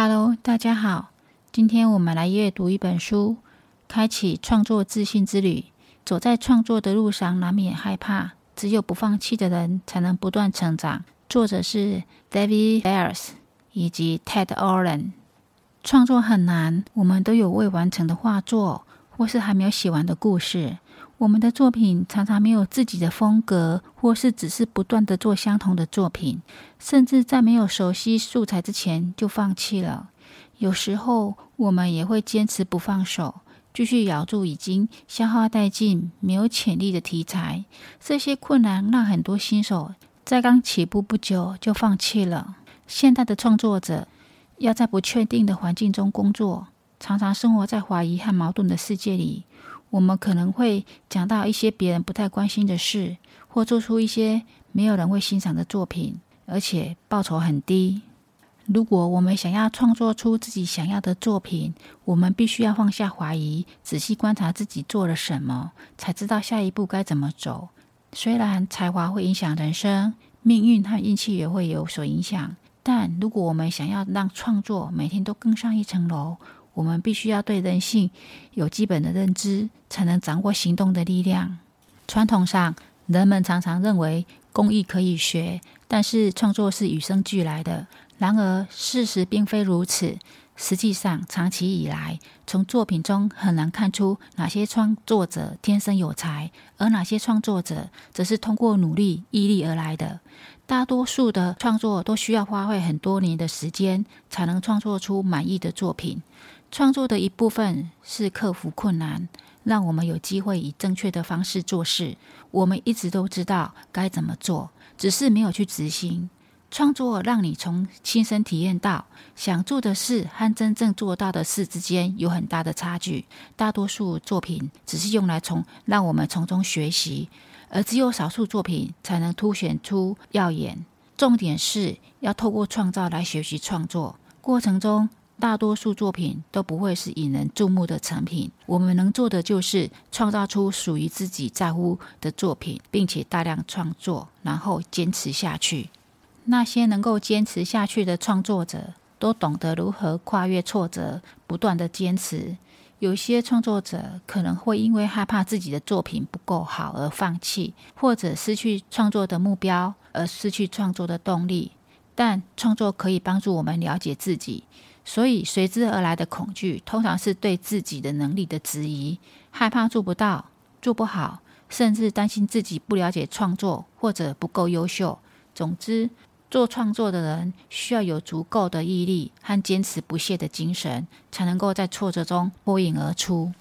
哈嘍，Hello，大家好。今天我們來閱讀一本書，《開啟創作自信之旅》。走在創作的路上，難免害怕。只有不放棄的人，才能不斷成長。作者是 David Ayers 以及 Ted Orland。創作很難，我們都有未完成的畫作，或是還沒有寫完的故事。我們的作品常常沒有自己的風格，或是只是不斷地做相同的作品，甚至在沒有熟悉素材之前就放棄了。有時候我們也會堅持不放手，繼續咬住已經消耗殆盡、沒有潛力的題材。這些困難讓很多新手在剛起步不久就放棄了。現代的創作者要在不確定的環境中工作，常常生活在懷疑和矛盾的世界裡。我們可能會講到一些別人不太關心的事，或做出一些沒有人會欣賞的作品，而且報酬很低。如果我們想要創作出自己想要的作品，我們必須要放下懷疑，仔細觀察自己做了什麼，才知道下一步該怎麼走。雖然才華會影響人生，命運和運氣也會有所影響，但如果我們想要讓創作每天都更上一層樓，我們必須要對人性有基本的認知，才能掌握行動的力量。傳統上，人們常常認為工藝可以學，但是創作是與生俱來的。然而，事實並非如此。實際上，長期以來，從作品中很難看出哪些創作者天生有才，而哪些創作者則是通過努力、毅力而來的。大多數的創作都需要花費很多年的時間，才能創作出滿意的作品。創作的一部分是克服困難，讓我們有機會以正確的方式做事。我們一直都知道該怎麼做，只是沒有去執行。創作讓你從親身體驗到想做的事和真正做到的事之間有很大的差距。大多數作品只是用來從讓我們從中學習，而只有少數作品才能凸顯出耀眼。重點是要透過創造來學習創作。過程中，大多數作品都不會是引人注目的成品。我們能做的就是創造出屬於自己在乎的作品，並且大量創作，然後堅持下去。那些能夠堅持下去的創作者，都懂得如何跨越挫折，不斷地堅持。有些創作者可能會因為害怕自己的作品不夠好而放棄，或者失去創作的目標，而失去創作的動力。但創作可以幫助我們了解自己。所以隨之而來的恐懼，通常是對自己的能力的質疑，害怕做不到、做不好，甚至擔心自己不了解創作或者不夠優秀。總之，做創作的人需要有足夠的毅力和堅持不懈的精神，才能夠在挫折中脫穎而出。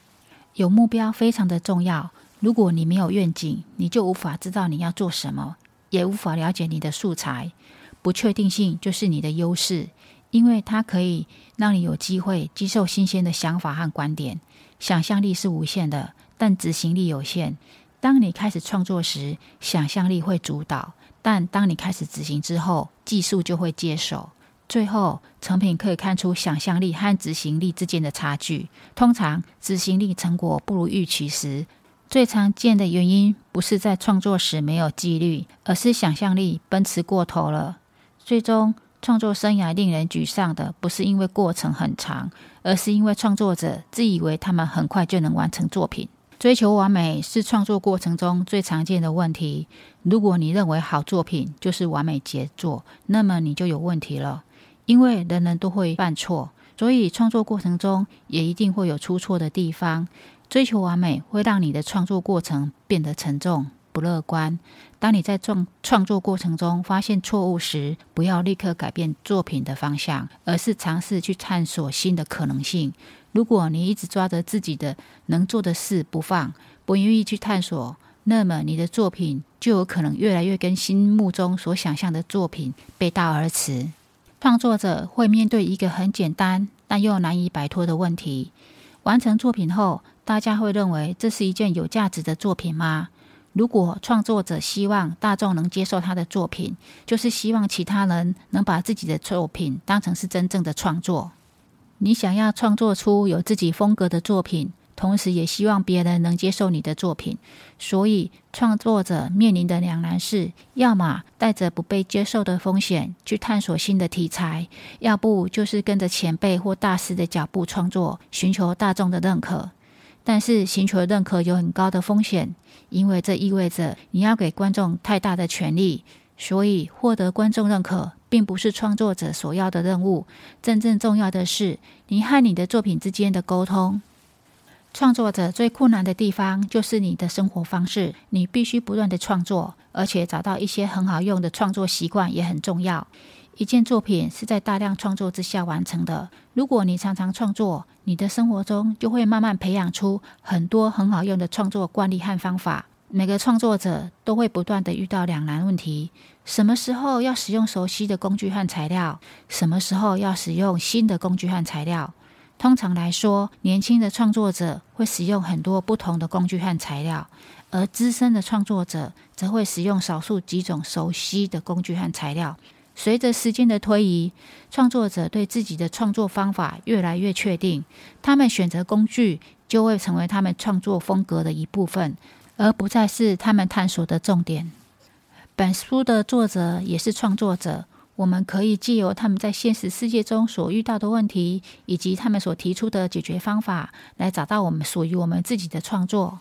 有目標非常的重要。如果你沒有願景，你就無法知道你要做什麼，也無法了解你的素材。不確定性就是你的優勢。因為它可以讓你有機會接受新鮮的想法和觀點，想象力是無限的，但執行力有限。當你開始創作時，想象力會主導；但當你開始執行之後，技術就會接手。最後，成品可以看出想象力和執行力之間的差距。通常，執行力成果不如預期時，最常見的原因不是在創作時沒有紀律，而是想象力奔馳過頭了。最終。創作生涯令人沮喪的不是因為過程很長，而是因為創作者自以為他們很快就能完成作品。追求完美是創作過程中最常見的問題。如果你認為好作品就是完美傑作，那麼你就有問題了。因為人人都會犯錯，所以創作過程中也一定會有出錯的地方。追求完美會讓你的創作過程變得沉重。不樂觀。當你在創創作過程中發現錯誤時，不要立刻改變作品的方向，而是嘗試去探索新的可能性。如果你一直抓着自己的能做的事不放，不願意去探索，那麼你的作品就有可能越來越跟心目中所想象的作品背道而馳。創作者會面對一個很簡單但又難以擺脫的問題：完成作品後，大家會認為這是一件有價值的作品嗎？如果創作者希望大眾能接受他的作品，就是希望其他人能把自己的作品當成是真正的創作。你想要創作出有自己風格的作品，同時也希望別人能接受你的作品。所以創作者面臨的兩難是：要麼帶着不被接受的風險去探索新的題材，要不就是跟着前輩或大師的腳步創作，尋求大眾的認可。但是尋求認可有很高的風險，因為這意味着你要給觀眾太大的權利，所以獲得觀眾認可並不是創作者所要的任務。真正重要的是你和你的作品之間的溝通。創作者最困難的地方就是你的生活方式，你必須不斷的創作，而且找到一些很好用的創作習慣也很重要。一件作品是在大量創作之下完成的。如果你常常創作，你的生活中就會慢慢培養出很多很好用的創作慣例和方法。每個創作者都會不斷地遇到兩難問題：什麼時候要使用熟悉的工具和材料？什麼時候要使用新的工具和材料？通常來說，年輕的創作者會使用很多不同的工具和材料，而資深的創作者則會使用少數幾種熟悉的工具和材料。隨着時間的推移，創作者對自己的創作方法越來越確定，他們選擇工具就會成為他們創作風格的一部分，而不再是他們探索的重點。本書的作者也是創作者，我們可以借由他們在現實世界中所遇到的問題，以及他們所提出的解決方法，來找到我們屬於我們自己的創作。